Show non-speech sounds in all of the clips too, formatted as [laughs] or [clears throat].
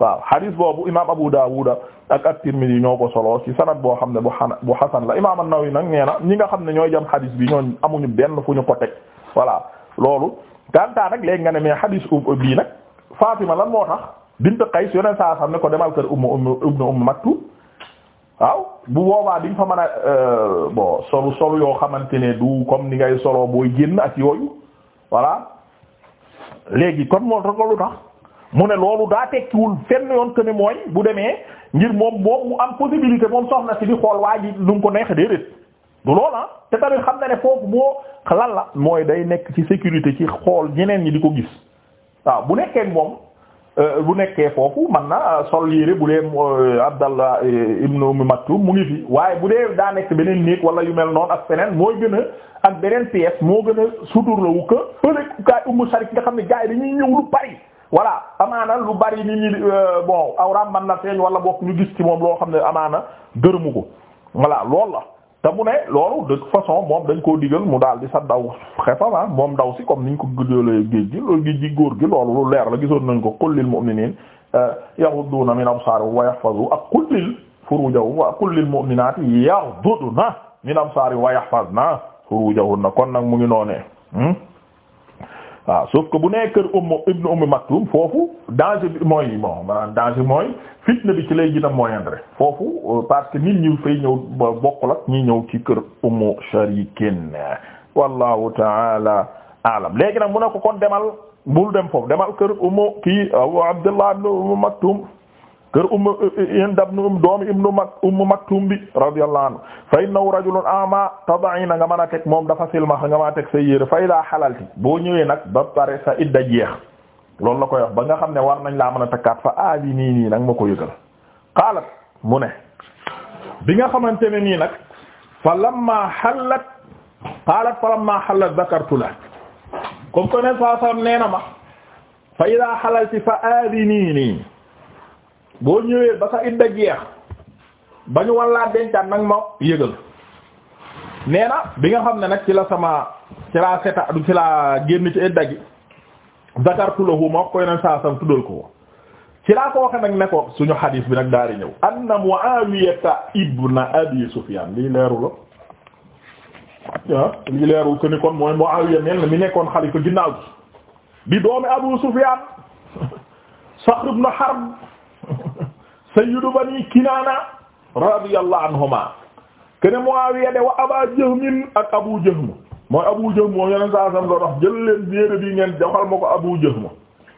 waaw hadis boobu imaam Abu Dawud ak at-Tirmidhi ñoo ko solo ci sanad boo xam ne bu xana bu xasan la imaam an-Nawawi nag nee na ñi nga xam ne ñooy jam hadis bi ñooñ amuñu benn fu ñu ko teg voilà loolu gantaa rek léegi nga ne mais hadis bii nag Fatima lan moo tax bint Qays yoneen saa ko demal kër ummu ummu ibnu ummu Maktum bu boobaa di nga fa mën a euh, bon solu solu yoo xamante ne du comme ni ngay solo booy génn ak yooyu voilà léegi kon moo tax lu tax mu ne loolu daa tekkiwul fenn yoon que ne mooy bu demee ngir moom moom mu am possibilité moom soxna si di xool waa ji nu mu ko neex déedéet du loola ah te tamit xam na ne foofu boo lan la mooy day nekk ci sécurité ci xool ñeneen ñi di ko gis waaw bu nekkee moom euh, bu nekkee foofu man na euh, sol yére bu dee euh, Abdallah ibn Umm Maktum mu ngi fi waaye bu dee daa nekk beneen néeg wala yu mel noon ak feneen mooy gën a ak beneen pièce moo gën a sutur la wu que fële kaay xam ne gars yi dañuy ñëw amaana lu bari ni ñi euh, bon awraam man na feeñ wala bokk ñu gis ci moom loo xam ne amaana gërëmu ko voilà lool la te mu ne loolu de toute façon moom dañ koo digal mu daal di sa daw xefama ah, moom daw si comme niñ ko gëjoolee géej gi loolu gi góor gi loolu lu leer la gisoon nañ ko qul lil mu'minin euh, yaghudduuna min absaarihim wa yahfazu ak qul lil furujahum wa qul lil mu'minati yaghdudna min absaarihim wa yahfazna furujahunna kon nag mu ngi noonee hmm? waaw sauf que bu nee kër umm ibnu ummi maktum foofu danger bi mooy bon maanaam danger mooy fitna bi ci lay gën a moindre foofu euh, parce que nit ñi fay ñëw bokk ak ñi ñëw ci kër ummu sharikin wallahu taala alam léegi nag mu ne ko kon demal bul dem foofu demal kër ummu kii abdullah ibnu ummi maktum kër umm Hind ibn umm, doom ibn Umm Maktum bi radiyallahu anhu fa innahu rajulun a'ma tad'ina nga mën a teg moom dafa silma nga mën a teg sa yére xalalti boo ñëwee nag ba pare sa idda jeex loolu la ko wax ba nga xam ne war nañ laa mën a takkaat fa aadi nii nii nag ma ko yëgal mu ne bi nga xamante ne nii nag fa lamma xalat qaalat fa lamma xalat zakartu la comme que ne saa sam nee na ma fa ida xalalti fa aadi boo ñëwee ba sa idda jeex ba ñu wallaa dencaat nag ma yëgal nee na bi nga xam ne nag ci la sama ci laa seta ci laa génn ci idda gi zakartu lahu ma wax ko yeneen tuddal ko ci laa ko waxe nag ne ko suñu xadiis bi nag daal di ñëw anna Muawiyata ibn Abi Sufyan lii leeru la ah lii leeru ko ni kon mooy Muawiya mel na mi nekkoon xalifa ginnaaw gi di doomi Abu Sufyan Saxr ibn Harb sayyidu bani kinaana radiyallahu anhuma kene Muawiya de wa aba jahmin ak abu jahm mooy abu jahm moom yeneen saa sam doon wax jël leen biére bii ngeen joxal ma ko abu jahm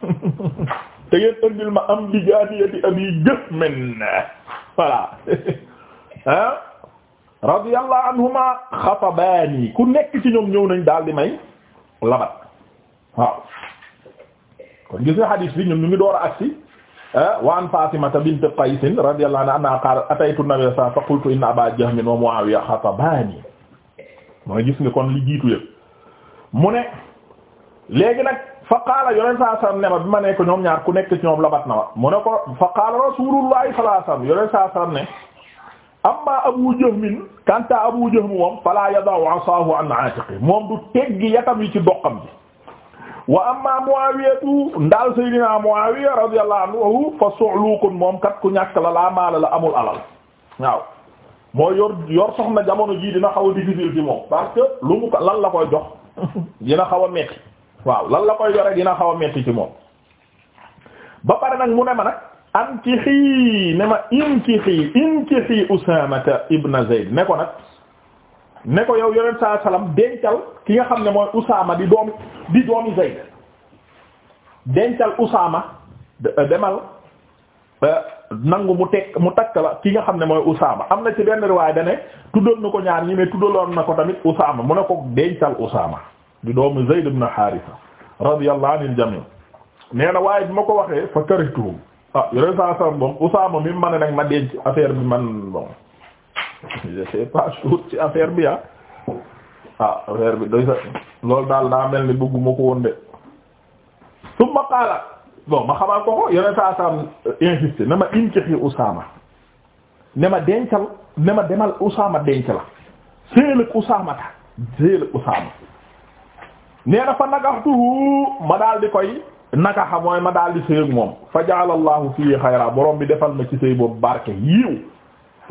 [laughs] te ngeen ëndil ma am bi abi jahm voilà ah [laughs] radiyallahu anhuma xatabaani ku nekk ci ñoom ñëw nañ daal di may labat waaw kon gis nga bi ñun ñu ngi door a agsi Eh, wa an Fatimata bint Qays radiyallahu anha anna qaalat ataytu an-nabiyya sallallahu fa qultu inna Aba Jahm wa Muawiya xatabaani mooy gis nga kon li jiitu yëpp mu ne léegi nag fa qaala yonent saa sallam ne ma bi ma nekk ñoom ñaar ku nekk ci ñoom labat na ma mu ne ko fa qaala Rasulullahi sallallahu alayhi wa sallam yonent saa sallam ne amma Abu Jahm kanta Abu Jahm moom fala asaahu an aatiqi moom du teggi yatam yi ci doqam bi wa amma Muawiyatu ndaal Seydina Muawiya radiyallahu anhu fa su'luqun moom kat ku ñàkk la laa maala la amul alal waaw moo yor yor soxna jamono jii dina xaw a difficile ci moom parce que lu mu ko lan la koy jox [laughs] dina xaw a metti waaw lan la koy yore dina xaw a metti ci moom ba pare nag mu ne ma nag ankihii ne ma inkihii inkihii Usaamata ibn Zayd ne ko nag ne ko yow yonent saa salaam dencal ki nga xam ne mooy Usaama di doomi di doomi Zayd dencal Usaama euh, demal euh, nangu mu te mu takk la ki nga xam ne mooy Usaama am na ci benn riwaay da ne tuddoon na ko ñaar ñi mais tuddaloon na ko tamit Usaama mu ne ko dencal Usaama di doomi Zayd ibn Haarisa radiyallahu anil jami' nee na waaye bi ma ko waxee fa karituhum ah yonent saa salaam moom Usaama mi ma ne nag ma denc affaire bi man bon je sais pas jour ci affaire bi ah ah affaire bi loolu daal daa mel ni bëgguma ko woon de summa qaala bon ma xamal ko ko yeneen saa saam insisté ne ma inkixi Usaama ne ma dencal ne ma demal Usaama denc la séel ak Usaama ta séel ak nee na fa nagaxtuhu ma daal di koy nagaxa mooy ma daal di séeg moom fa ja'ala fii xayra borom bi defal ma ci sëy boobu barke yiiw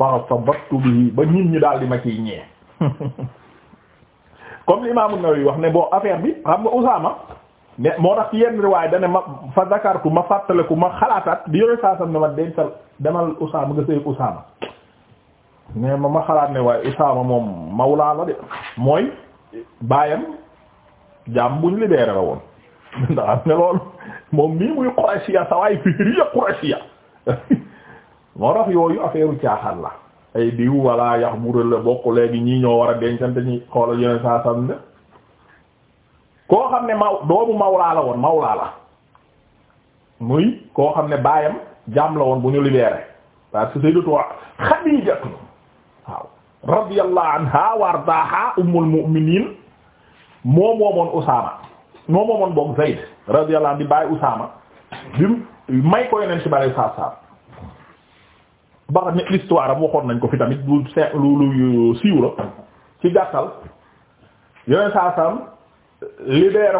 fa sabattu bi ba nit ñi daal di ma ciy ñee [laughs] comme l'imam An-Nawawi wax ne bon affaire bi xam nga Usaama ne moo tax yenn riwaay da ne ma fa zakartu ma fàttaliku ma xalaataat bi yore saa ne ma dencal demal Usaama nga sëy Usaama ma ma xalaat ne waaye Usaama moom mawlaa la de mooy baayam jaam buñ libéré la woon [laughs] ndax am ne loolu moom mii muy Qurashiya sawaay fii riya Qurashiya [laughs] moo tax yooyu affaire caaxaan la ay diw walla yax bural la bokk léegi ñii ñoo war a dencante ñi xoolal yeneen koo xam ne maw doomu mawlaa la woon mawlaa la muy koo xam ne baayam jaam la woon bu ñu libéré parce que sayyidatu Xadiijatu waaw radiyallahu anha wa ardaaha ummul mu'minin moo moomoon Usaama moo moomoon boog Zayd radiyallahu anhu di bàyyi Usaama bi may ko yeneen ci bari saa ba ne l'histoire am waxoon nañ ko fi tamit bu se lu siiw la ci gàttal yeneen saa saam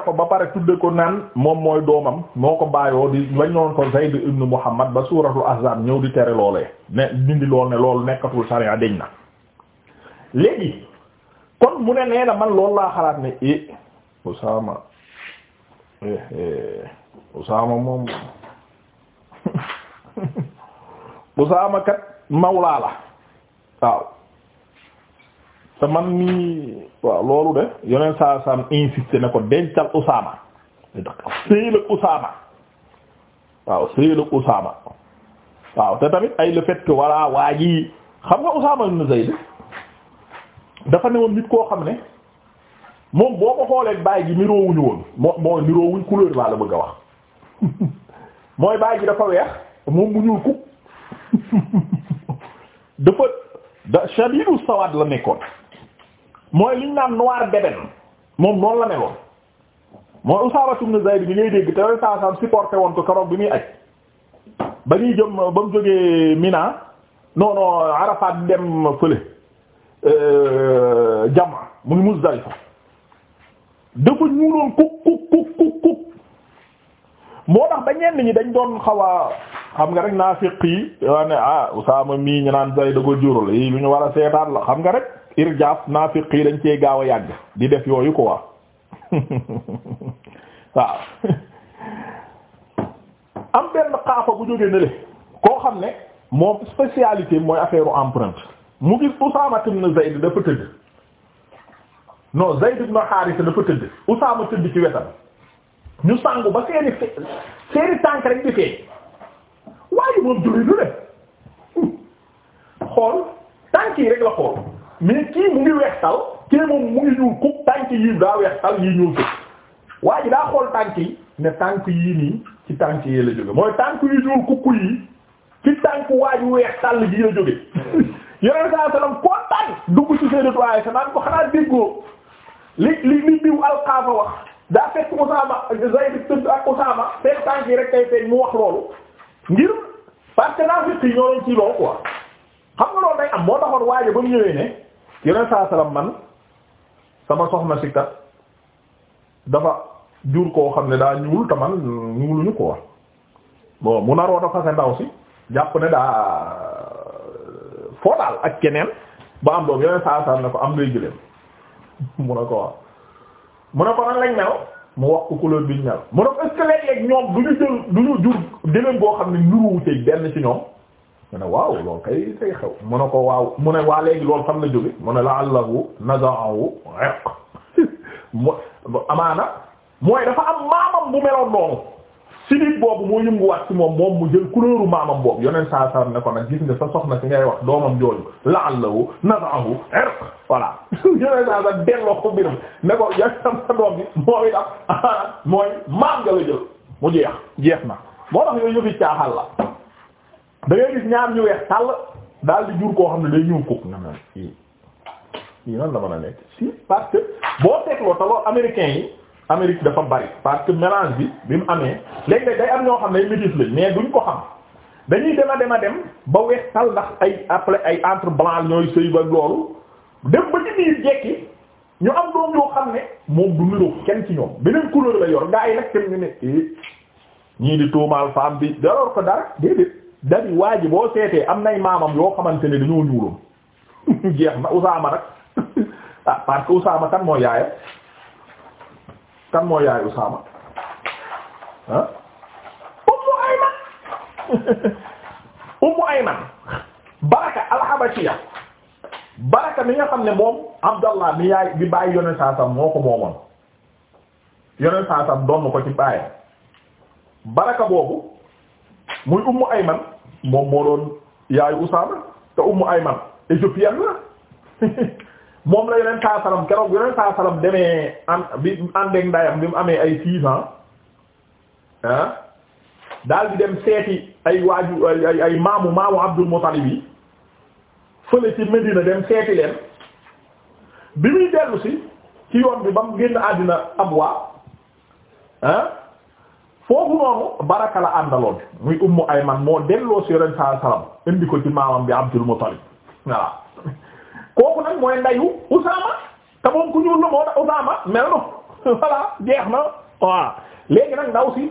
ko ba pare tudde ko naan moom mooy doomam moo ko bàyyoo di waññoon ko Zayd ibn Muhammad ba suuratul ahzab ñëw di tere loolee ne dindi lool ne loolu nekkatul sariya deñ na léegi kon mu ne nee na man loolu laa xalaat ne i eh, Usaama eh, eh, Usaama moom Usaama kat mawlaa la waaw te man nii waaw loolu de yoneen saa saam insisté ne ko dencal Usaama sëyal ak waaw sëyal ak waaw te tamit ay le fait que voilà waa ji xam nga Usaama ibn Zayd dafa ne woon nit koo xam ne moom boo ko xoolee baay ji niroowuñu woon moo mooy niroowuñ couleur laa la bëgg a wax [laughs] mooy baay ji dafa weex moom mu ñuul kuk [laughs] dafa da shadidu sawaad la nekkoon mooy liñ naan noir bébén moom noonu la meloon mooy Usaama ibn Zayd bi ngay dégg te yooyu saa saam supporté woon ko keroog bi muy aj ba ñuy jëm ba mu jógee Mina non non dem fële euh, Jama muy Muzdalifa dafa ñuuloon kuk kuk kuk kuk moo tax ba ñenn ñi dañ doon xawaa xam nga rek naafiq yi daa ne ah, mii ñu naan Zayd ko jurul yi lu ñu war a seetaan la xam nga rek irjaaf naafiq yi dañ cee gaaw a yàgg di def yooyu ko waa [laughs] waaw am benn xaafa bu jógee ne le koo xam ne moom spécialité mooy affaire empreinte mu gis Usaama ibn Zayd dafa tëdd non Zayd ibn Haarisa dafa tëdd Usaama tëdd ci wetam ñu sangu ba seeni seeni tànk rek di feeñ waaye moom julli du ne xool tànk yi rek la xool mais kii mu ngi weextal kii moom mu ngi ñuul kub tànk yi daa weextal yi ñuul sëg waa daa xool tànk yi ne tànk yii nii ci tànk yi la jóge mooy tànk yi ñuul kukku yi ci tànk waa ji weex tàll ji la jóge yeneen saa salaam kontaan dugg ci seen i sa naan ko xanaa déggoo li li li diw alxaafa wax. daa fekk Usaama Zayd tudd ak rek kay feeñ mu wax loolu ngir parce que naa fekk ñoo loolu quoi xam nga loolu day am moo taxoon waaye ba mu ñëwee ne yeneen saa salaam man sama soxna si kat dafa jur koo xam ne daa ñuul te man ñuuluñu ko wax bon mu naroon a fase ndaw si jàpp ne daa euh, foo daal ak keneen ba am doom yeneen saa salaam ne ko am lay gëléem [laughs] mu ne ko wax mu ne ko nan lañ mel mu wax ko couleur bi ñu mel mu ne ko est-ce que ñoom du ñu jël du ñu jur gëléem boo xam ne nuruwuteeg benn ci ñoom mu ne waaw loolu kay tay xew mu ne ko waaw mu ne waa léegi loolu xam na jóge mu ne la allahu nazaahu eq [laughs] mu amaana mooy dafa am maamam bu meloon noonu sidit boobu moo yënguwaat ci moom moom mu jël couleuru maamam boobu yonent saa ne ko nag gis nga sa soxna si ngay wax doomam jooju la'allahu nad'ahu irq voilà [laughs] yonent saa saa delloo ko biram ne ko yaa sam doom bi moo wi daf mooy maam nga la jël mu jeex jeex na moo tax yooyu yëfi caaxal la da gis ñaar ñu weex tàll daal di jur koo xam ne day ñëw kook nga naan i i nan la mën a nekk si boo teetloo taloo américain yi Amérique dafa bari parce que mélange bi bi mu amee léegi day am ñoo xam ne métis lañ mais duñ ko xam dañuy dem a dem a dem ba weex tal ndax ay après ay entre blanc ñooy sëy ba loolu dem ba ci biir jekki ñu am doom yoo xam ne moom du niroo kenn ci ñoom beneen couleur la yor gaa yi nag kenn ñu ne eh ñii di tuumaal femme bi daloor ko dara dari waa ji boo seetee am nay maamam yoo xamante ne dañoo ñuuloon [laughs] jeex na Usaama nag [laughs] ah parce kan moo yaayam kan moo yaay Usaama ah Ummu Ayman [laughs] Ummu Ayman Baraka al Baraka mi nga xam ne moom Abdallah mi yaay bi bàyyi yoneen saasam moo ko moomoon yoneen saasam doon ko ci bàyyi Baraka boobu muy Ummu Ayman moom moo doon yaayu Usaama te Ummu Ayman éthiopienne la [laughs] moom la yeneen saa salaam keroog yeneen saa salaam demee an bi mu amee ay six ans ah, daal di dem seeti ay waaju ay ay maamu maamu Abdul yi fële ci Medina dem seeti leen bi muy dellu si ci yoon bi ba mu génn àddina Abwa ah foofu noonu baraka la àndaloon muy Ummu Ayman moo delloo si yeneen saa salaam indi ci maamam bi Abdul Muttalib kooku nag mooy ndayu Usaama te moom ku ñuul la moo tax Usaama mel na [laughs] voilà jeex na waaw léegi nag ndaw si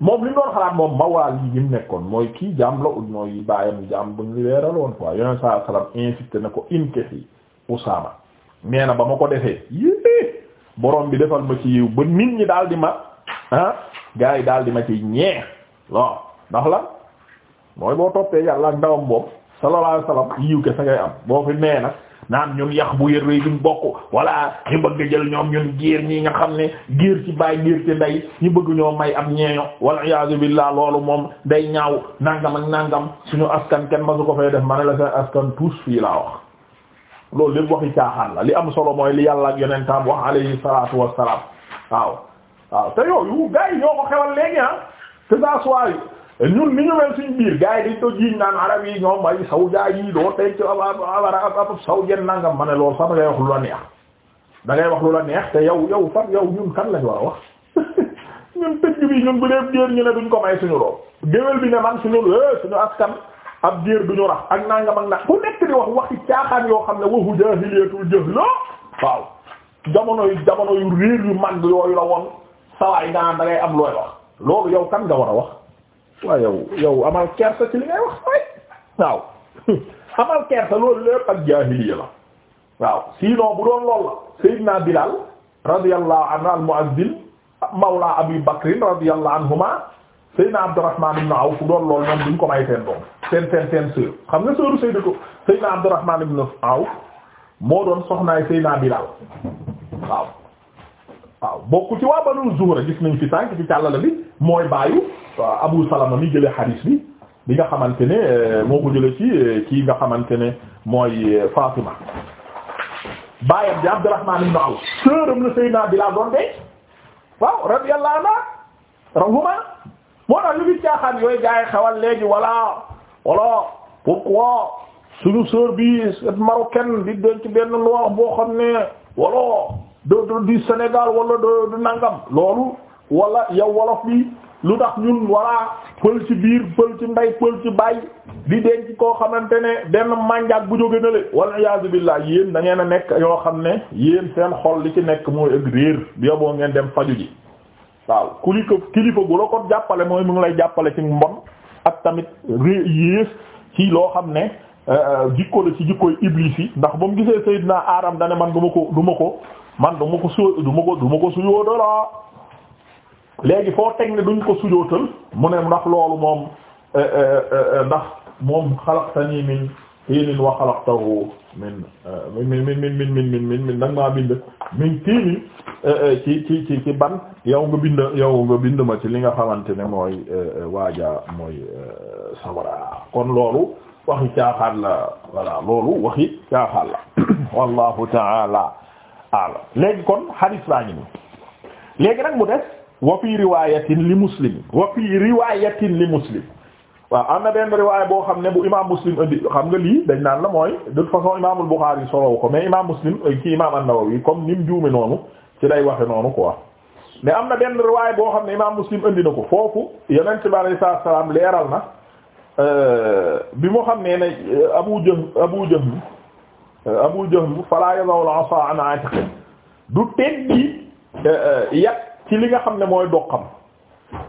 moom li mu doon xalaat moom mawaal yi ñu nekkoon mooy kii jaam la ut mooy bàyyam jaam bu ñu leeraloon quoi na ko in kesi na ba ma ko defee yéen borom bi defal ma ci yiw ba nit ñi daal di ma ah gars yi daal di ma ci ñeex waaw ndax la mooy boo toppee yàlla ak ndawam boobu sallallahu alayhi wasallam yiw ke sa ngay am boo fi nee nag naan ñun yax bu yër rëy duñ bokk walla ñu bëgg jël ñoom ñun géer ñi nga xam ne giir ci baay géer ci ndey ñu bëgg ñoo may am ñeeño wal iyaazu billaah loolu moom day ñaaw nangam ak nangam suñu askan kenn ma su ko fay def ma ne la seen askan tous fii laa wax loolu lépp waxi caaxaan la li am solo mooy li yàlla ak yonentam wax alayhi salaatu wassalaam waaw waaw te yooyu gars yi ñoo ko xewal léegi ah que ça soit ñun ni ñu mel suñ biir gars yi dañ ko jiiñ naan arab yi ñoom ay sawja yi doo denc ab sawjen nangam ma ne loolu sax da ngay wax lu la neex da wax lu la neex te yow yow fan yow ñun kan lañ war a wax [laughs] ñun tëgg bi ñun bu dee géer ñu ne duñ ko may suñu room géwél bi ne man suñu eh, suñu askan ab géer duñu rax ak nangam ak nag ku nekk di wax waxi caaxaan yoo xam ne waxu jaahiliyatul jahla waaw jamono yu jamono yu réer yu mag yooyu la woon da am looy wax yow kan nga war a wax waaw yow yow amal kersa ci li ngay wax waay waaw [laughs] amal kersa loolu jaahiliya la waaw sinon bu doon lool la Bilal radiyallahu anhu al-mu'azzin mawla Abi radiyallahu anhuma Seydina Abdurrahman ibn Awf doon lool ñoom duñ ko may seen doom seen seen seen sœur xam moo doon soxnaay Seydina Bilal waaw waaw bokku ci waa Banu Zuhra gis nañ fi sànk ci càllala bi mooy baayu waaw euh, Abu Salama mi jëlee xadiis bi bi nga xamante ne euh, moo ko jële ci euh, kii nga xamante ne mooy Fatima baayam bi Abdurrahman ibn Awf sëram la Seydina Bilaal doon de waaw moo tax lu bi caaxaan yooyu gaa yi xewal léegi voilà voilà pourquoi suñu sœur bi marocaine di denc benn noir boo xam ne voilà de wala de du nangam loolu wala yow wolof bi lu tax ñun walla pël ci biir pël ci ndey pël ci baay di denc koo xamante ne benn mànjaak bu jóge na le walla iyaazu billaah yéen da ngeen a nekk yoo xam ne yéen seen xol li ci nekk mooy ëgg réer bi yoboo ngeen dem faju ji waaw kuli ko kilifa gu la ko jàppale mooy mu ngi lay jàppale ci mbon ak tamit ré yées ci loo xam ne euh, euh, jikko la ci jikkoy iblis yi ndax ba mu gisee Seydina Aadam dane man du ko du ko man du ko su du ma ko du ma ko suyoo dara léegi foo teg ne duñ ko sujootal mu ne ndax loolu moom eh, eh, eh, ndax moom xalaqtani min tiinin wa xalaqtahu min min min min min min min min nag maa bind min tiinin ci ci ci ban yow nga bind yow nga bind ma ci li nga xamante ne mooy waaja mooy sawara kon loolu waxi caaxaan la voilà loolu waxi caaxaan la [coughs] wallahu taala alam léegi kon hadis baa ngi nii léegi nag mu des wa fii riwaayatin li muslim wa fii riwaayatin li muslim waaw am na benn riwaay boo xam ne bu imaam muslim indi xam nga lii dañ naan la mooy de toute façon imaamul Buxaari solow ko mais imaam muslim euh, ci imaam an-Nawawi comme ni mu juume noonu ci lay waxe noonu ko mais am na benn riwaay boo xam ne imaam muslim indi na ko foofu yonent bi alayhi salaatu salaam leeral na euh, bi mu xam ne ne euh, Abu Jahm Abu Jahm Abu Jahm falaa yadaw al-asaa an aatiqihi du teggi yat ci li nga xam ne mooy doqam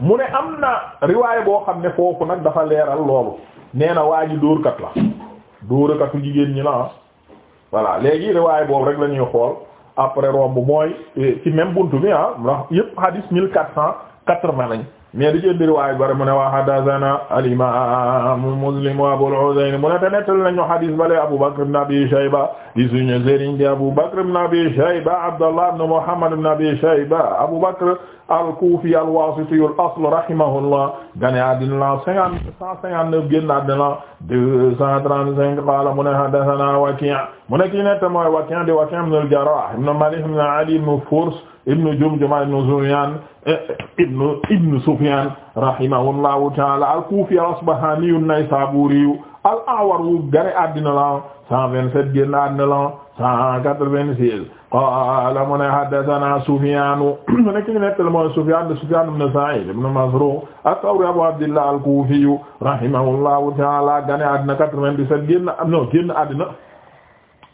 mu ne am na riwaay boo xam ne foofu nag dafa leeral loolu nee na waa ji dóorkat la dóorakatu jigéen ñi la ah voilà léegi riwaay boobu rek la ñuy xool après romb mooy eh, ci même buntu bi ah ndax yëpp hadis mille quatre cent quatre-vingts lañ mais di ci indi riwaaya bare mu ne wa haddathana al-imam Muslim wa Abul Husayn mu ne te nettali nañu hadis bale Abu Bakr ibn Abi Shayba di suñu sëriñ di Abu Bakr ibn Abi Shayba Abdullah ibn Muhammad ibn Abi Shayba Abu Bakr al-Kufi al-Wasiti al-asl rahimahullah gane àddina la cinquante cent cinquante-neuf génn àddina la deux cent trente-cinq qaala mu ne haddathana Waki' mu ne kii nett mooy Waki' di Waki' ibn al-Jarrah ibn Malik ibn Ali ibn Furs ibnu Jumjuma ibnu Sufyaan eh, eh, ibnu ibnu Sufyaan rahimahullahu ta'aala al-Kuufi al-Asbahaani an-Naysaabuuri al-A'war gane addina la 127 génn addina la 196 qaala mu ne haddathanaa Sufyaan mu ne ki ñu nettali mooy Sufyaan de Sufyaan ibn Sa'iid ibn Masruuq ath-Thawri Abu Abdillah al-Kuufi rahimahullahu ta'aala gane addina 97 génn non génn addina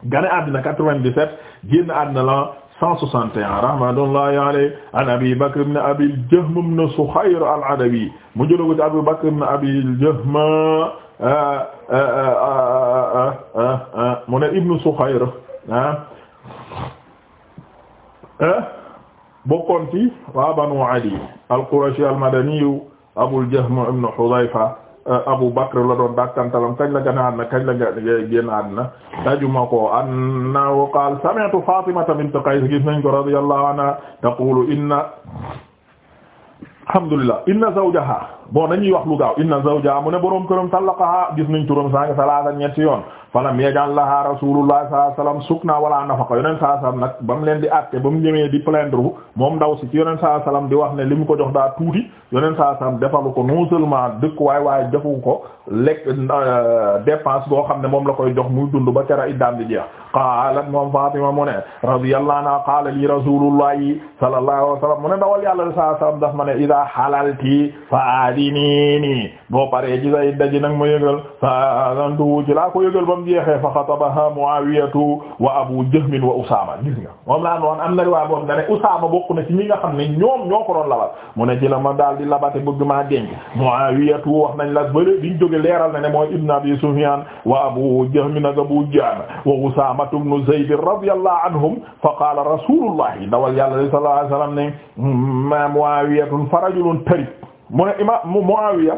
gane addina 97 génn addina la 161 rahmatullahi alayhi an Abi Bakr ibn Abi al-Jahm ibn Sukhayr al-Adawi mu jëloon ko ci Abu Bakr ibn Abi al-Jahm ah, ah, ah, mu ne Ibn Sukhayr bokkoon ci waa Banu Adi al-Qurashi al-Madani Abu al-Jahm ibn Hudhayfa Euh, Abu Bakr la doon dakkantalam kañ la gane àddina kañ la génn àddina tajuma ko annahu qaal sami'tu Fatimata bint Qays gis nañ ko radiyallahu anha taqulu inna alhamdulillah inna zawjaha bon dañuy wax lu gaaw inna zawja mu ne boroom këram tallaqaha gis nañ turam sànq salaasa ñetti yoon falam yajal laha rasulullah sallallahu alayhi wasallam sukna wala nafaqa yoneen saa sallam nag ba mu leen di àtte ba mu ñëwee di yoneen saa di wax ne li mu ko jox daa tuuti yoneen saa defalu ko non seulement dëkk waay waaye joxu ko lekk euh, dépense boo xam ne moom la koy jox muy dund ba cara iddaam di jeex qaalat moom Fatima mu ne radiyallahu anha qaala li rasulullah sallallahu alayhi wasallam mu ne dawal yàlla saa sallam daf ma ne ida halalti fa aadi yaminiini boo paree ci sa idda ji nag ma yëgal fa zantu ci laa ko yëgal ba mu jeexee fa xatabaha Muawiyatu wa Abu Jahm wa Usaama gis nga moom laa noon am na riwaay boo xam ne Usaama bokk na ci ñi nga xam ne ñoom ñoo ko doon labal mu ne ci la ma daal di labate bëgg maa denc Muawiyatu wax nañ la bële diñ jóge leeral na ne mooy Ibn Abi Sufyaan wa Abu Jahm nag Abu Jahm wa Usaama ibn Zayd radiyallahu anhum fa qaala rasuulullahi sallallahu alayhi wa sallam ne ma Muawiyatun fa rajulun tarib mu ne imaam Muawiya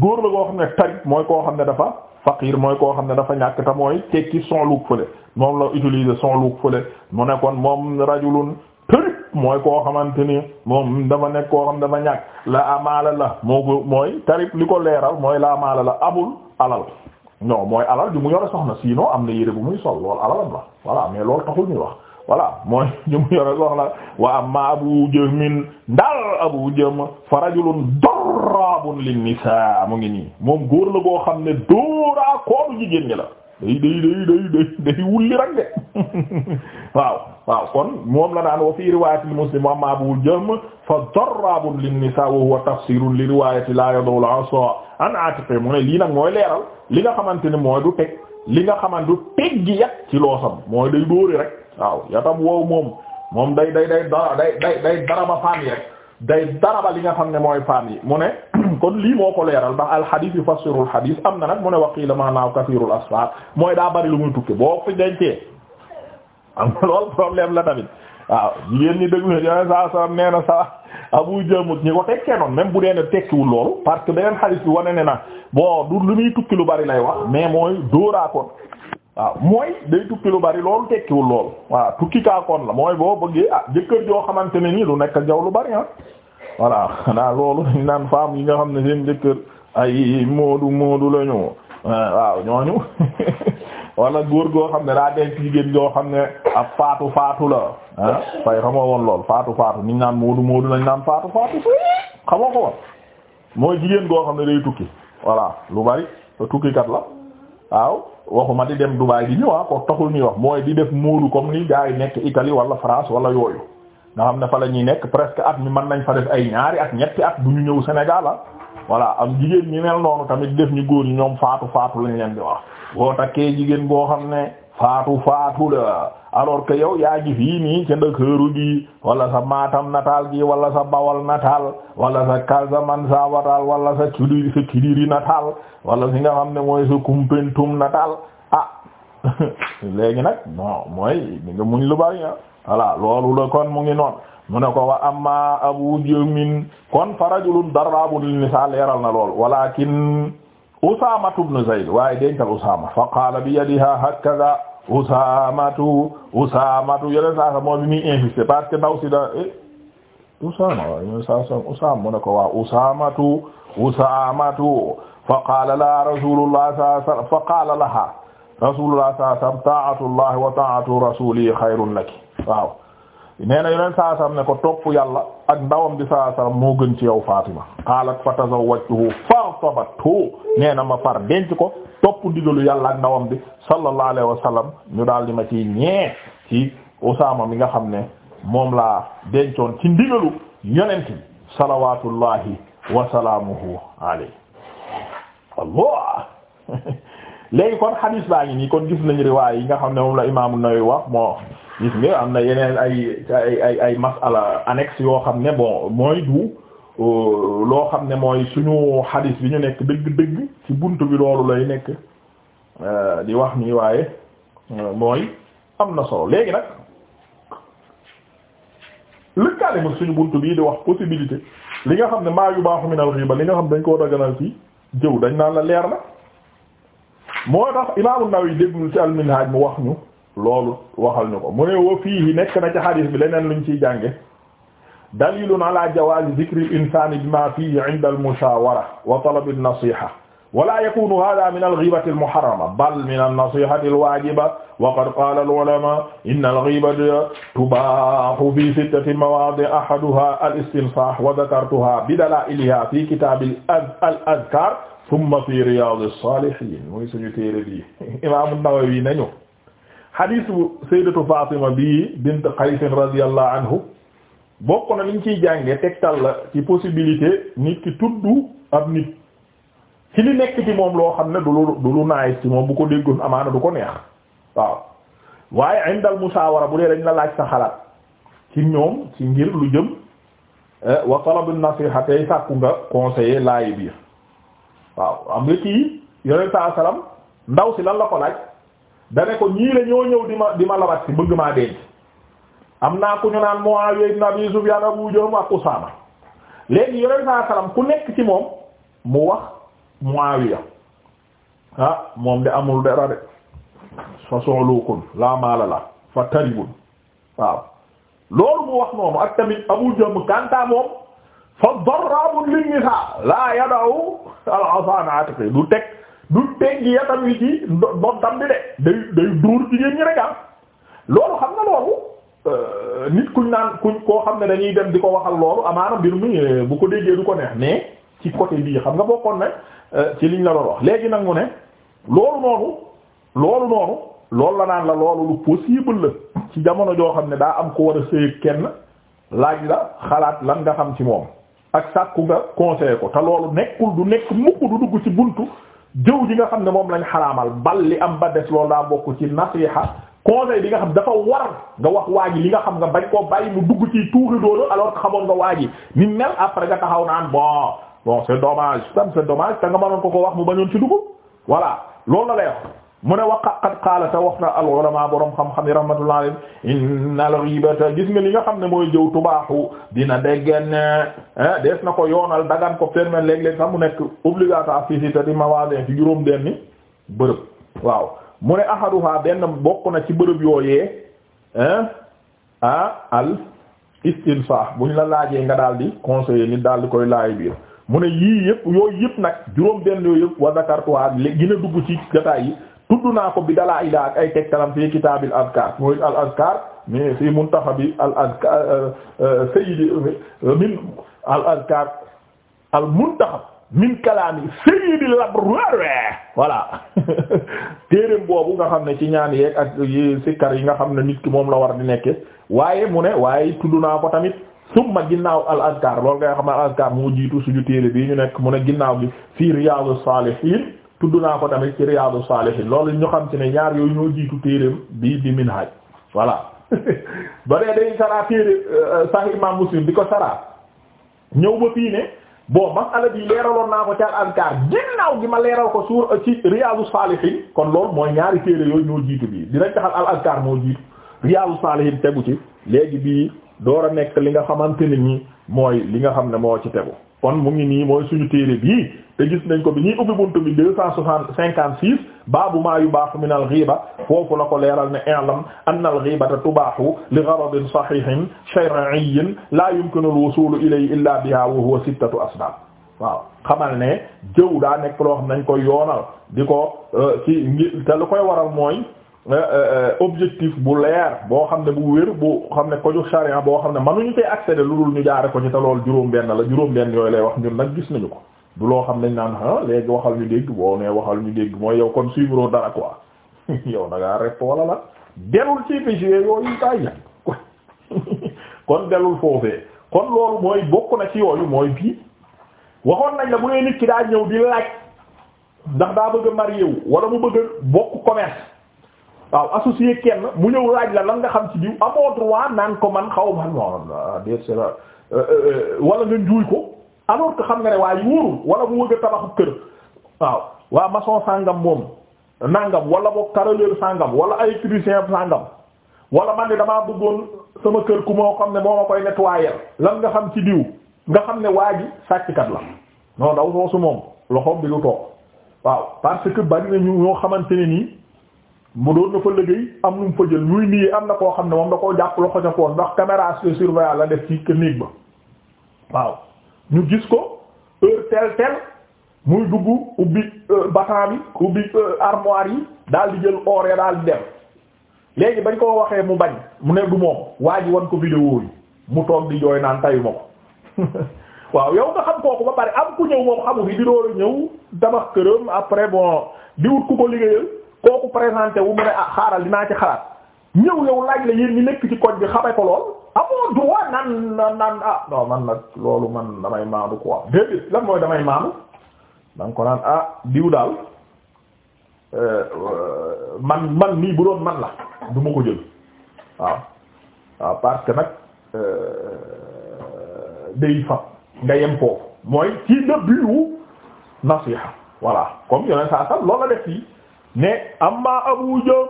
góor la koo xam ne tarib mooy koo xam ne dafa faqiir mooy koo xam ne dafa ñàkk te mooy tekki son luuk fële moom la utiliser son luuk fële mu nekkoon kon moom rajulun tarib mooy koo xamante ni moom dafa nekk koo xam dafa ñàkk la amaala la moo ko mooy tarib li ko leeral mooy la amaala la amul alal non mooy alal ju mu yore soxna sinon am na yére bu muy sol loolu alalam la voilà mais loolu taxul ñuy wax. voilà mooy ñu mu yore soxla wa abu jahmin ndaal abu jahm fa rajulun darrabun lin nisa mu ngi nii moom góor la goo xam ne dóoraa koodu jigéen ñi la day day day day wulli rek de [laughs] waaw waaw kon moom la daan wa fi riwayat al muslim wa amma abu jahm fa darrabun lin nisa wa huwa tafsirun li riwayati la yadul asa an atiqi mu ne lii nag mooy leeral li nga xamante ne mooy du teg li nga xaman du teg gi ci loosam mooy day dóori rek waaw yatam wow moom moom day day day dara day day day daraba fànn yi rek day daraba li nga xam ne mooy fànn yi mu ne [clears throat] kon lii moo ko leeral ndax alxadis yu fassirul xadis am na nag mu ne waqiila maanaaw kasirul asfar mooy daa bari lu muy tukke boo fi dencee am lool problème la tamit waaw jigéen ñi déglu ne saa saa nee na saa abu jëmut ñi ko tekkee noonu même bu dee ne tekkiwul loolu parce que beneen xadis bi wane ne na bon du lu muy tukki lu bari lay wax mais mooy dóoraa waaw mooy day tukki lu bari loolu tekkiwul loolu waaw tukki kaakoon la mooy boo bëggee ah jëkkër joo xamante ni nii lu nekk ak lu bari ah voilà xanaa loolu dañ naan femme yi nga xam ne seen jëkkër ay moodu moodu la ñu waaw ñooñu [laughs] wala góor goo xam ne daa denc jigéen goo xam ne ab faatu faatu la ah fay xamoo woon lool faatu faatu niñ naan moodu moodu lañ naan faatu faatu xamoo ko woon mooy jigéen goo xam ne day tukki voilà lu bari tukkikat la waaw waxuma di dem Dubaay di ñëwaa ah, ko taxul ñuy wax mooy di def móolu comme ni gars yi nekk Italie wala France wala yooyu nga xam ne fa la nekk presque at mi man nañ fa def ay ñaari at ñetti at bu ñu ñëw Sénégal la ah. voilà am jigéen ñi mel noonu tamit def ñu góor ñoom faatu faatu lañ leen di wax boo takkee jigéen boo xam ne faatu faatu la alors que yow yaa ngi fii nii ca Ndakaaru gi wala sa Matam natal gi wala sa Bawol natal wala sa Casamance natal wala sa Kidira sa Kidira natal wala si nga xam ne mooy sa Koumpentoum natal ah [laughs] léegi nag non mooy nga lu bari ah voilà loolu kon mu ngi noonu mu ne ko wa amma abu jamin kon farajulun darrabun lin nisa leeral na lool walakin Usaama ibn Zayd waaye dencal Usaama fa qaala bi yadiha hakaza Usaamatu Usaamatu yeneen saa sa moom bi muy insisté parce que ndaw si da eh Usaama waaye mooy saa sa Usaama mu ne ko waaw Usaamatu Usaamatu fa qaala lahaa Rasuulullah sa fa wa ta'atu rasuuli xayrun laki waaw nee na ne ko topp yàlla. ak ndawam bi saa salaam moo gën ci yow Fatima qaalat fa tazawwajtuhu fartabattu nee na ma far denc ko topp ndigalu yàlla ak ndawam bi sallallahu alayhi wa sallam ñu daal di ma ci ñee ci Usaama mi nga xam ne moom laa dencoon ci ndigalu yonent salawatullahi wa salaamuhu [laughs] léegi kon hadis baa ngi nii kon gis nañ riwaay yi nga xam ne moom la imaamu Nawawi wax moo gis mi am na yeneen ay ay ay ay masala annexe yoo xam ne bon mooy du euh, loo xam ne mooy suñu xadis bi ñu nekk dëgg-dëgg ci bunt bi loolu lay nekk euh, di wax nii waaye euh, mooy am na solo léegi nag lëkkaale ma suñu bunt bii di wax possibilité li nga xam ne maa yu baaxu minal ghiba li nga xam dañ koo daganal ci jëw dañ naan leer na moo tax Imam an déggul ci al mu wax ñu loolu waxal ñu ko mu ne wa fiihi nekk na ci xadis bi leneen luñ ciy jànge dalilun ala jawaazi dikri al-insaani bimaa fiihi inda al-mushaawara wa talab an-nasiiha wala yakunu hada min alghibati almuharrama bal min alnasihati alwajiba wa qad qala alulama inna alghibata tubahu fi sittati mawadi ahaduha alistinsah wa dhakartuha bidalailiha fi kitab al adkar thumma fi riyad as-salihin mooy suñu téere bi [laughs] imam an-Nawawi nañu xadiisu sayyidatu Fatima bii bint Qays radiyallahu anhu bokk na liñ ciy jànge tegtal la ci possibilité nit ki tudd ab nit ci li nekk ci moom loo xam ne du lu du lu naay ci moom bu ko déggoon amaana du ko neex waaw waaye indal musaawara bu dee dañ la laaj sa xalaat ci ñoom ci ngir lu jëm eh, wa talabu nasiha tey sàkku waaw am nga kii yonent saa ndaw si lan la ko laaj dane ko ñii la ñoo ñëw di ma di ma labat si bëgg maa denc am naa ku ñu naan Muawiya ibn Abi Sufyan Abu Jahm ak Usaama léegi yore saa salaam ku nekk ci moom mu wax Muawiya ah moom de amul dara de façon luukun laa maala la fa taribun waaw loolu mu wax noonu ak tamit Abu Jahm kanta moom fa darrabun lin nisaa laa yadaw al-asaa an aatiqihi du teg du teggi yatam wi ci ndoddam bi de day day jigéen ñi rek am ah. loolu xam nga loolu euh, nit kuñ naan kuñ koo xam ne dañuy dem di ko waxal loolu amaana mu mi euh, bu ko déggee du ko neex mais ci côté bii xam nga bokkoon na euh, ci liñ la doon wax léegi nag ne loolu noonu loolu noonu loolu la naan la loolu lu possible la ci jamono joo xam ne daa am ko war a sëy kenn laaj la xalaat lan nga xam ci moom ak sàkku nga conseillé ko te loolu nekkul du nekk mukk du dugg ci buntu jëw ji nga xam ne moom lañ xaraamal bal li am ba des loolu daa bokk ci nasiha conseil bi nga xam dafa war nga wax waa ji li nga xam nga bañ koo bàyyi mu dugg ci tuuri doolu alors que xamoon nga waa ji ni mel après nga taxaw naan bon bon c'est domage tam c'est dommage te nga mënoon ko ko wax mu bañoon ci dugg voilà loolu la lay mu ne wa qad qaala te wax na al ulama borom xam-xam yi rahmatullah alayhi inna al ghibata gis nga li nga xam ne mooy jëw tubaaxu dina déggen eh, des na ko yoonal dagan ko fermer léeg-léeg sax mu nekk obligatoire fii si te di mawasin ci juróom benni bërëb waaw mu ne ahaduha benn bokk na ci bërëb yooyee eh, ah al istinsah buñ la laajee nga daal di conseiller nit daal di koy laaj biir mu ne yii yëpp yooyu yëpp nag juróom benn yooyu yëpp wa zakartuha gën a tudd naa ko bi dalaa ila ak ay tegtalam fi kitaabil azkar mooy al azkar fi muntaxabi al azkar euh, euh, euh, al azkar al muntaxab min kalaami sayyidil abrar [laughs] téereem boobu nga xam ne ci ñaan yeeg ak sikkar yi nga xam ne nit ki moom la war di nekke waaye mu ne waaye tudd naa ko tamit summa ginnaaw al azkar loolu ngay xam al azkar moo jiitu suñu téere bii ñu nekk mu ne ginnaaw bi fi riyadus salihin tudd naa ko tamit ci Riyadou Salihine loolu ñu xam ci ne ñaari yooyu ñoo jiitu téereem bi di Minhaj voilà [laughs] ba dee day saraa téere euh, Sahih Imam Muslim di ko saraa ñëw ba fii ne bon masala bi leeraloon naa ko ca Al-Azkaar ginnaaw gi ma leeral ko suur euh, ci Riyadou Salihine kon loolu mooy ñaari téere yooyu ñoo jiitu bii dinañ taxal Al-Azkaar moo jiitu Riyadou Salihine tegu ci léegi bii door a nekk li nga xamante ne mooy li nga xam ne moo ci tegu. kon mu ngi nii mooy suñu téere te gis nañ ko bi ñuy ubbi buntu bi deux cinquante six baabu maa yubaahu min al ghiba foofu la ko leeral ne i'lam anna al ghibata tubaahu li gharadin sahihin shar'iyyin la yumkinu al wusul ilay illa biha wa huwa sittatu asbab waaw xamal ne jëw daa nekk loo xam nañ koy yoonal di ko euh, ci ngir te lu koy waral Euh, euh, euh, objectif bu leer boo xam ne bu wér bu xam ne ko ju boo xam ne mënuñu koy accéder lu dul ñu jaare ko ci te lool juróom-benn la juróom-benn yooyu lay wax ñun nag gis nañu ko du loo xam nañ naan ah léegi waxal ñu dégg boo nee waxal ñu dégg mooy yow kon suivre dara quoi [laughs] yow da a rep wala la delul ci fichier yooyu tay ja [laughs] kon delul foofee kon loolu mooy bokk na ci yooyu mooy bii waxoon nañ la bu nee nit ki daa ñëw di laaj ndax daa bëgg wala mu bëgg a waaw associé kenn mu ñëw laaj la lan nga xam ci diw amoo droit naan ko man xaw man wa de la wala nga njuuy ko alors que xam nga ne waaye wóorul wala mu wëgg tabaxu kër waaw waa maçon sàngam moom nangam wala boog carreleur sàngam wala électricien sàngam wala man ne damaa bëggoon sama kër ku moo xam ne moo ma koy nettoyer lan nga xam ci diw nga xam ne waa ji sàcckat la non daw soosu moom loxoom bi du toog waaw parce que bari na ñu ñoo xamante nii mu doon na fa liggéey am nu mu fa jël muy nii am na koo xam ne moom da koo jàpp loxo ca poos ndax caméra de surveillance la def ci néeg ba waaw ñu gis ko heure tel tel muy dugg ubbi euh, batan ubbi euh, armoire yi daal di jël or ya daal di dem léegi bañ ko waxee mu bañ mu ne du moom waa ji wan ko vidéo yi mu toog di jooy naan tayu ma ko [laughs] waaw yow nga xam kooku ba pare am ku ñëw moom xamul yi di door a ñëw tabax këram après bon di wut ku ko liggéeyal. kooku présenté wu mu ne ah xaaral dinaa ci xalaat ñëw yow laaj la yéen ñi nekk ci koñ bi xame ko lool amoo droit naan naan naan ah non man nag loolu man damay maanu quoi déedéet lan mooy damay maanu da ko naan ah diw daal euh, man man nii bu doon man la du ma ko jël waaw waaw parce que nag euh, day fab nga yem foofu mooy ci début wu nasiha comme yeneen saa sax loolu la def fii ne amma abu jëm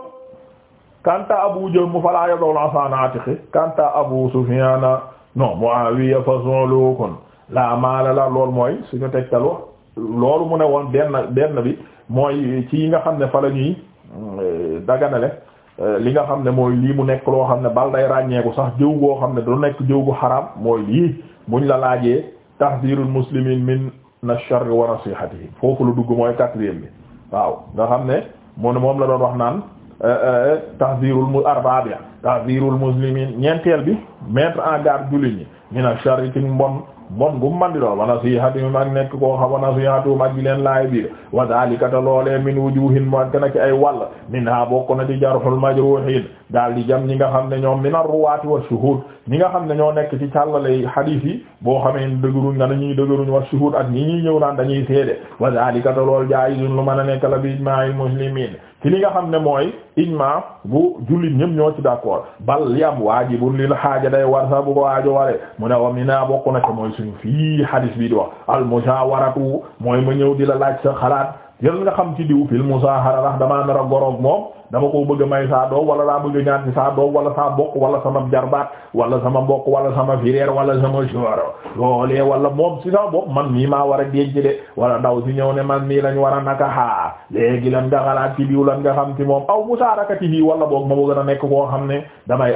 kanta abu jëm mu falaa yadol asaan atiqi kanta abu sufiyana non muawiya façon loo kon la maala la lool mooy suñu tegtal wax loolu mu ne woon benn benn bi mooy ci yi nga xam ne fa la ñuy euh, daganale euh, li nga xam ne mooy lii mu nekk loo xam ne bal day ràññeeku sax jëw goo xam ne du nekk jëw gu xaraam mooy lii buñ la laajee tahdirul muslimin min na sharri wa nasihatihi foofu lu dugg mooy quatrième bi waaw nga xam ne mu moom la doon wax naan euh, euh, tahzirul mu arba bi tahzirul muslimin ñeenteel bi mettre en garde jullit ñi mina sharri mbon bon bu man di doon wa nasihatihim ak nekk koo xam wa nasihatuhum ak di leen laay biir wa dalika te loolee min wujuhin mu ak na ci ay wàll min ha bokk na di jarhul majruhin daal di jam ñi nga xam ne ñoom min ar-ruwaati wa shuhud ñi nga xam ne ñoo nekk ci càllalay hadith yi boo xamee ne dëgëruñ nga dañuy dëgëruñ wa shuhud ak ñi ñuy ñëw naan dañuy seede wa dalika te lool jaayizun lu mën a nekk la bi ijma'il muslimin ci li nga xam ne mooy ijma bu jullit ñëpp ñoo ci d'accord bal yam waajibun lil xaaja day war sax bu ko waajo waree mu ne wa ni naa bokk na ci mooy suñu fii hadis bi di wax al mushawaratu mooy ma ñëw di la laaj sa xalaat yal nga xam ci diw fil musahara ndax damaa nar a goroog moom dama koo bëgg a may saa doom wala laa bëgg a ñaan ci saa doom wala saa bokk wala sama jarbaat wala sama mbokk wala sama fireer wala sama joor maa war a denc de wala ndaw si ñëw ne man mii lañ war a naka xaa léegi lan nga xalaat ci biiw nga xam ci moom aw musaaraka ci biiw wala boog ma bëgg a nekk koo xam ne damay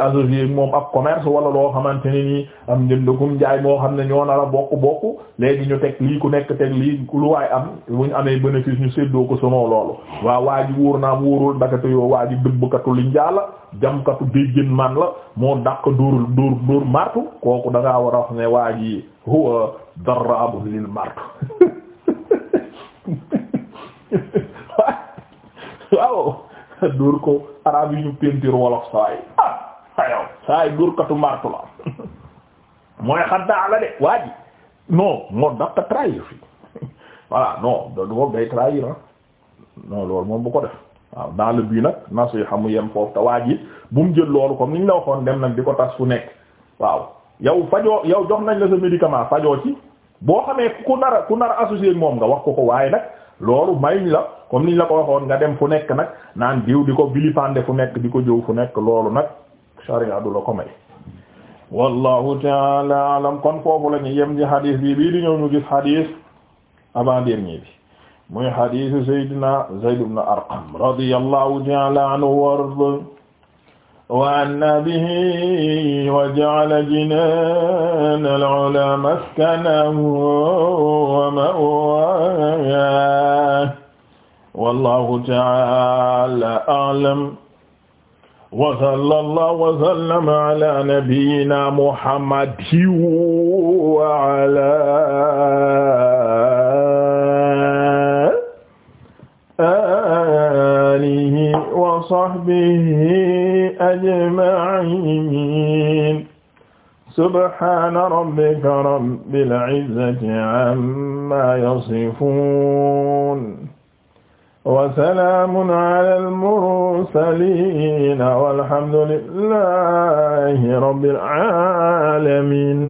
moom ab wala loo xamante ne nii am njëndakum jaay moo xam ne ñoo nar a bokk bokk léegi ñu teg lii ku nekk teg lii lu waay am bu ñu amee bénéfice ñu séddoo ko sama loolu waaw waa ji wóor naa wóorul ndakate yoo waa ji dëbbkatu li njaala jamkatu déggén man la moo dàq dóor dóor dóor martu kooku da war a wax ne waa ji huwa darraabu lil martu [laughs] waaw dóor ko arab yi ñu peinture wolof saay ah ayow saay dóorkatu martu la [laughs] mooy xaddaa la de waa ji non moo dàq trahir fii [laughs] voilà non loolu day trahir ah non loolu moom bu ko def waaw dans bii nag nag nasiha xamu yem foofu te waa ji bu mu jël loolu comme ni ñu la waxoon dem nag di ko tas fu nekk waaw yow fajoo yow jox nañ la sa médicament fajoo ci boo xamee ku nar a ku nar a moom nga wax ko ko waaye nag loolu mayuñ la comme ni la ko waxoon nga dem fu nekk nag naan diw di ko vilipender fu nekk di ko jëw fu nekk loolu nag sharia du la ko may wallahu taala alam kon foofu la ñu yem ci hadis bi bii di ñëw ñu gis hadis avant muy hadiisu Seydina Zayd ibn Arqam radiyallahu ta'ala anhu warda wa anna bihi wa ja'ala jinaan al-'ulaa maskanahu wa ma'waahu wallahu ta'ala a'lam wa sallallahu wa sallama ala nabiyyina Muhammadin wa ala alihi wa sahbihi ajma'in subhana rabbika rabbil izzati amma yasifun wa salaamun alal mursaliin walhamdu lillahi rabbil aalamiin